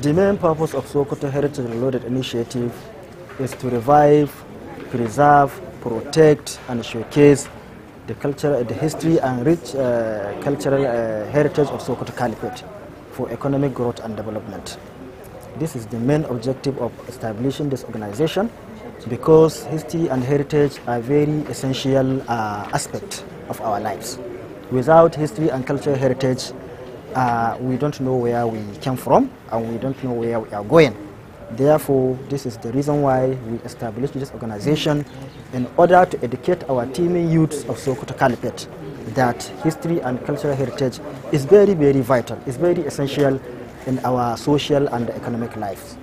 The main purpose of Sokoto Heritage Reloaded Initiative is to revive, preserve, protect and showcase the culture, the history and rich uh, cultural uh, heritage of Sokoto Caliphate for economic growth and development. This is the main objective of establishing this organization because history and heritage are very essential uh, aspect of our lives. Without history and cultural heritage, uh, we don't know where we came from and we don't know where we are going. Therefore, this is the reason why we established this organization in order to educate our teeming youths of Sokoto Caliphate that history and cultural heritage is very, very vital, it's very essential in our social and economic lives.